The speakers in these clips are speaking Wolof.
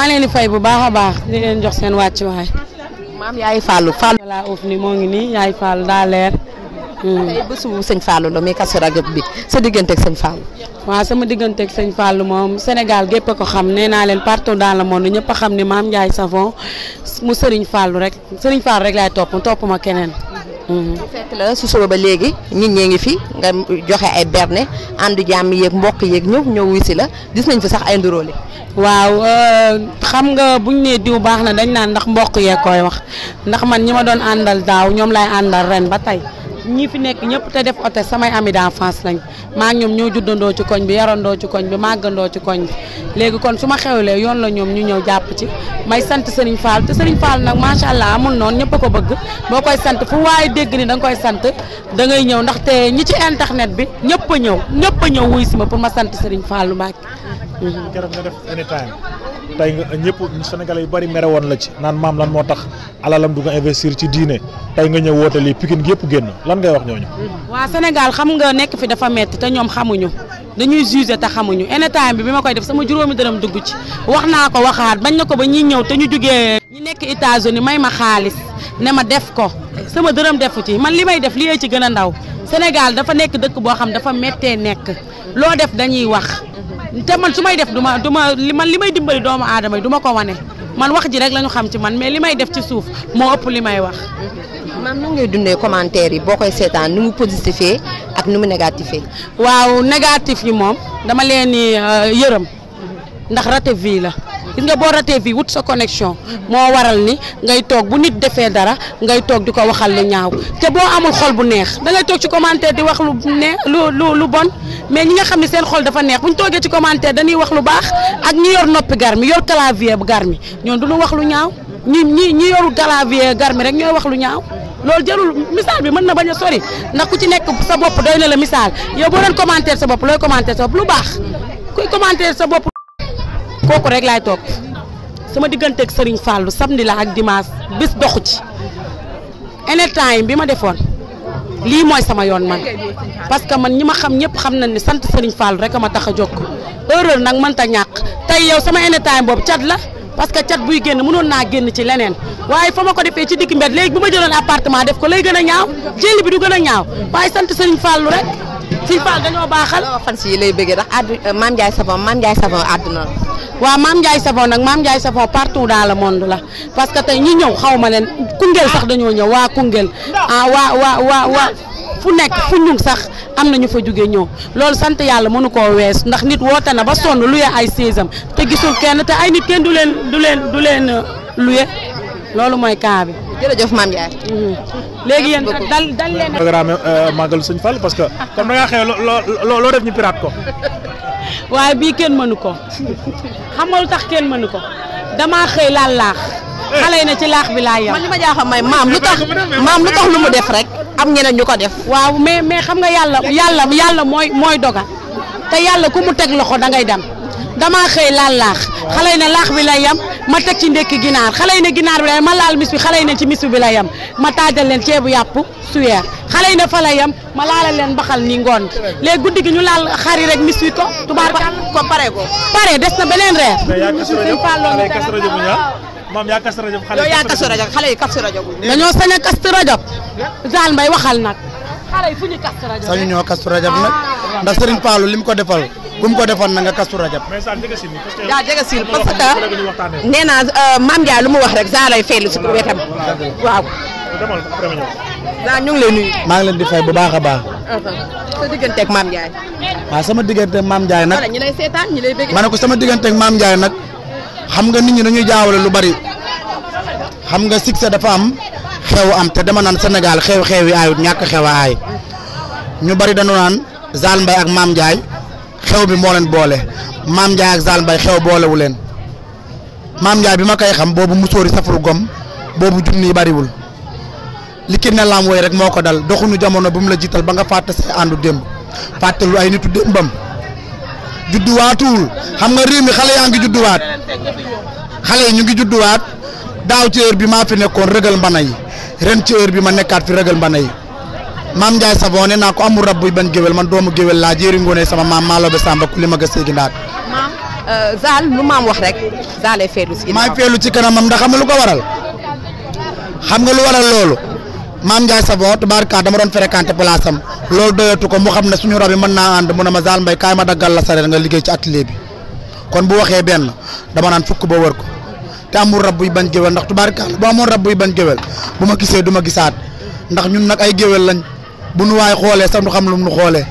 maa leen fay bu baax a baax di leen jox seen wàcc wàccuwaay. maam yaay Fallou Fallou laa uuf ni moo ngi nii yaay Fallou daa leer. Hmm. tey bésu sëñ Fallou la muy Kazu Rajab bi sa digganteeg sëñ Fallou. waaw sama digganteeg sëñ Fallou moom Sénégal gépp a ko xam nee naa leen partout dans le monde ñëpp a xam ni maam Ndiaye Savon mu Serigne Fallou rek Serigne Fallou rek laay topp topp ma keneen. Mhm. su suba ba léegi nit ñee ngi fi nga joxe ay berne àndu jàmm yéeg mbokk yeeg ñëw ñëw wu si la gis nañ fi sax ay nduróole waaw euh, xam nga buñ nee diw baax na dañ naan ndax mbokk yee koy wax ndax man ñi ma doon àndal daaw ñoom lay àndal ren ba tey ñi fi nekk ñëpp te def ote samay ami d'enfance lañ maa ñoom ñoo juddandoo ci koñ bi yarandoo ci koñ bi màggandoo ci koñ bi léegi kon su ma xewlee yoon la ñoom ñu ñëw jàpp ci may sant Serigne Fall te Serigne Fall nag macha allah amul noon ñëpp a ko bëgg boo koy sant fu waaye dégg ni danga koy sant da ngay ñëw ndaxte ñi ci internet bi ñëpp a ñëw ñëpp ñëw wuy si ma pour ma sant Serigne faal lu keroog nga def anytime tey nga ñëpp sénégalais yu bari mere woon la ci naan maam lan moo tax alalam du nga investir ci diine tey nga ñëw woote lii Pikine gi yëpp génn lan ngay wax ñooñu. waa Sénégal xam nga nekk fi dafa metti te ñoom xamuñu dañuy jugé te xamuñu en état bi bi ma koy def sama juróomi dërëm dugg ci wax naa ko waxaat bañ na ko ba ñuy ñëw te ñu jugee. ñi nekk États-Unis may ma xaalis ne ma def ko sama dërëm defu ci man li may def li ci gën a ndaw Sénégal dafa nekk dëkk boo xam dafa méttee nekk loo def dañuy wax te man su may def du ma du ma li man li may dimbali doomu aadama yi duma ko wane man wax ji rek la ñu xam ci man mais li may def ci suuf moo ëpp li may wax. man nan ngay dundee commentaire yi boo koy seetaan nu mu positifé ak nu mu négatifé. waaw négatif yi moom dama leen euh, yërëm ndax rate vie la. gis nga boo ratee fii wut sa connexion moo waral ni ngay toog bu nit defee dara ngay toog di ko waxal lu ñaaw te boo amul xol bu neex da ngay toog ci commentaire di wax lu ne lu lu lu bon mais ñi nga xam ne seen xol dafa neex bu ñu ci commentaire dañuy wax lu baax ak ñi yor noppi gar mi yor clavier bu gar mi ñoom du ñu wax lu ñaaw ñi ñi ñi yoru clavier gar mi rek ñooy wax lu ñaaw. loolu jarul misaal bi mën na bañ a sori ndax ku ci nekk sa bopp doy na la misaal yow boo doon commentaire sa bopp looy commentaire sa bopp lu baax kuy commentaire kooku rek laay toog sama digganteeg Serigne Fallou samedi la ak dimanche bis doxu ci en temps bi ma defoon lii mooy sama yoon man parce que man ñi ma xam ñëpp xam nañ ne sant sëriñ Fallou rek a ma tax a ko erreur nag mënta ñàkk tey yow sama en boobu cat la parce que cat buy génn mënoon naa génn ci leneen waaye fa ma ko defee ci digg mbed léegi bu ma jëloon appartement def ko lay gën a ñaaw jëli bi du gën a ñaaw waaye sant Serigne Fallou rek Serigne Fallou dañoo baaxal. fan si lay bëggee ndax àdduna Mame Ndiaye Savon Mame àdduna waaw maam Ndiaye Savon nag maam Ndiaye Savon partout dans le monde la parce que tey ñi ñëw xaw ma leen Koungheul sax dañoo ñëw waa Koungheul ah waa waa waa fu nekk fu ñu sax am na ñu fa jóge ñëw loolu sant yàlla mënu koo wees ndax nit woote na ba sonn luye ay saisam te gisul kenn te ay nit kenn du leen du leen du leen euh, luye loolu mooy cas bi. jërëjëf maam Ndiaye. Mm-hmm. léegi yéen dal dal leen. programme euh, màggalu suñ Fall parce que comme da xew loo loo def ñu pirate ko. waaye bii kenn mënu ko xam nga lu tax kenn mënu ko damaa xëy laa laax xale yi na ci laax bi laa yam man li ma may maam lu tax maam lu tax lu mu def rek am ñeneen ñu ko def waaw mais mais xam nga yàlla yàlla yàlla mooy mooy dogal te yàlla ku mu teg loxo da ngay dem damaa xëy laal laax xale yi ne laax bi la yem ma teg ci ndekki ginaar xale yi ne ginaar bi la ma laal mis bi xale yi ne ci mis bi la yem ma taajal leen ceebu yàpp suyeer xale yi ne fa la ma laalal leen mbaxal ni ngoon léegi guddi gi ñu laal xari rek mis wi ko tubaar ko pare ko pare des na beneen reer maam yaa Kazu Rajab xale yi Kazu Rajab xale yi Kazu Rajab dañoo sañ a Kazu Rajab Zal Mbaye waxal nag xale yi fu ñu Kazu Rajab sañu ñoo Kazu Rajab nag ah. ndax Serigne Fallou li mu ko defal gum ko defoon na nga kastu rajab daa jega sil parce que euh, lu mu wax rek Zaa lay feelu si wetam waaw maa ngi leen di fay bu baax a baax uh-huh. sa digganteeg sama digganteeg Mame Ndiaye nag ñi lay ma ne ko sama digganteek Mame Ndiaye nag xam nga nit ñi dañuy jaawale lu bari xam nga sa dafa am xew am te dama naan senegal xew-xew yi aayut ñàkk xew aay ñu bari dañu naan Zale Mbaye ak maam Ndiaye xew bi moo leen boole maam Ndiaye ak Zal Mbaye xew boolewu leen maam Ndiaye bi ma kay xam boobu musóori safaru gom boobu junni yi bariwul li ki ne laam rek moo ko dal doxuñu jamono bu mu la jiital ba nga fàtte see àndu démb fàttelu ay nitu démbam judduwaatuwul xam nga réew mi xale yaa ngi judduwaat xale yi ñu ngi judduwaat daaw ci heure bi maa fi nekkoon rëgal mbana yi ren ci heure bi ma nekkaat fi rëgal mbana yi maam Ndiaye Savon naa ko amul rab buy bañ géwel man doomu géwél laa jéeri ngoone sama maam maa loobe Samba ku li ma gëstoo gi ndaat. maam euh, lu maam wax rek ay feelu si. maay feelu ci kanamam ndax xam nga lu ko waral xam nga lu waral loolu maam Ndiaye Savon tubaarka dama doon fréquenté place am loolu doyatu ko mu xam ne suñu rab yi mën naa ànd mu ne ma Zal Mbaye kaay ma daggal la sareet nga liggéey ci atelier bi kon bu waxee benn dama naan fukk ba wër ko te amul rab buy bañ géwél ndax tubaarka bu amoon rab buy bañ géwél bu ma gisee du ma gisaat ndax ñun nag ay géwél lañ bu nu waaye xoolee sax nu xam lu nu xoolee.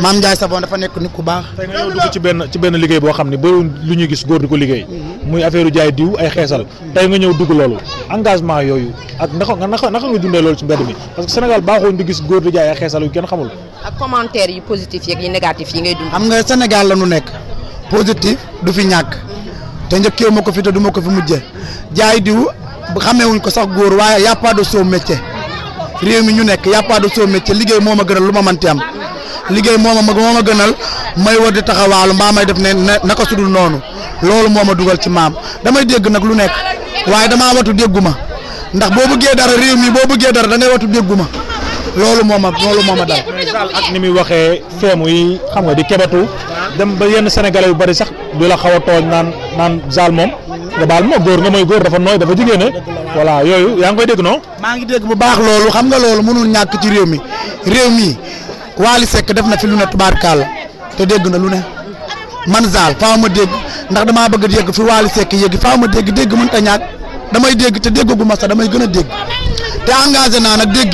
maam Ndiaye Savon dafa nekk nit ku baax. tey nga ñëw dugg ci benn ci benn liggéey boo xam ne bëriwul lu ñuy gis góor di ko liggéey. Mhm. muy affaire jaay diw ay xeesal. Mhm. tey nga ñëw dugg loolu engagement yooyu ak naka naka naka nga dundee loolu ci mbedd mi parce que Sénégal baaxoon di gis góor di jaay ay xeesal yu kenn xamul. ak commentaire yu positif yeeg yu yi ngay dund. xam nga Sénégal la nu nekk positif du fi ñàkk te njëkkee ma ko fi te ma ko fi mujjee jaay diw xamee wuñ ko sax góor waaye y' a de sot métier réew mi ñu nekk y a pas de sous-métier liggéey moo a gënal lu ma mënti am liggéey moo ma moom a gënal may war di taxawaalu mbaa may def ne naka sudul noonu loolu moo ma dugal ci maam damay dégg nag lu nekk waaye damaa watu déggu ma ndax boo bëggee dara réew mi boo bëggee dara da ngay watu déggu ma loolu moo ma loolu moo ma dal. ak ni muy waxee feemu yi xam nga di kebatu. dem ba yenn sénégalais yu bari sax du la xaw a naan naan zaal moom nga baal ma góor nga mooy góor dafa nooy dafa jigéen ne eh. yooyu yaa ngi koy dégg non. maa ngi dégg bu baax loolu xam nga loolu mënul ñàkk ci réew mi réew mii Wally sekk def na fi lu ne tubaarkàlla te dégg na lu ne man zaal faaw ma dégg ndax damaa bëgg di yegg fi Wally Seck yegg faaw ma dégg dégg mënut a ñàkk damay dégg te dégg gu sax damay gën a dégg te engagé naa nag dégg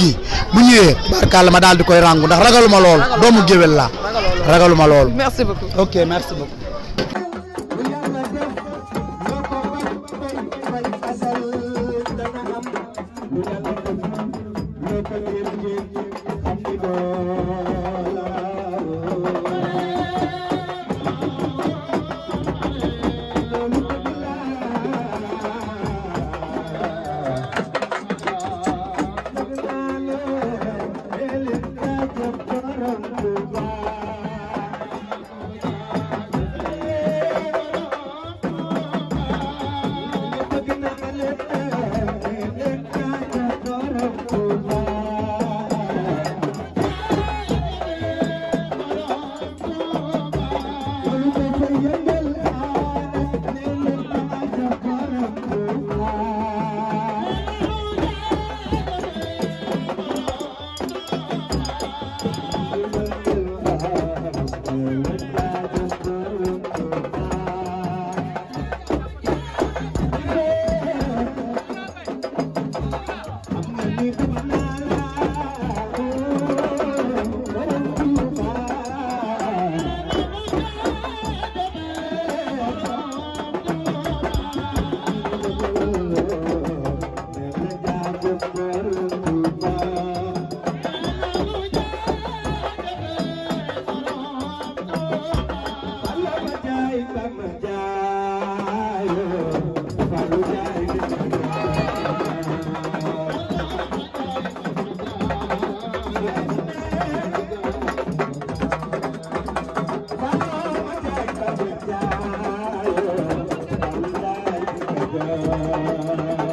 bu ñëwee tubaarkàlla ma daal di koy rangu ndax ragaluma lool doomu géwél laa ragaluma loolu. merci beaucoup ok merci beaucoup. Thank you.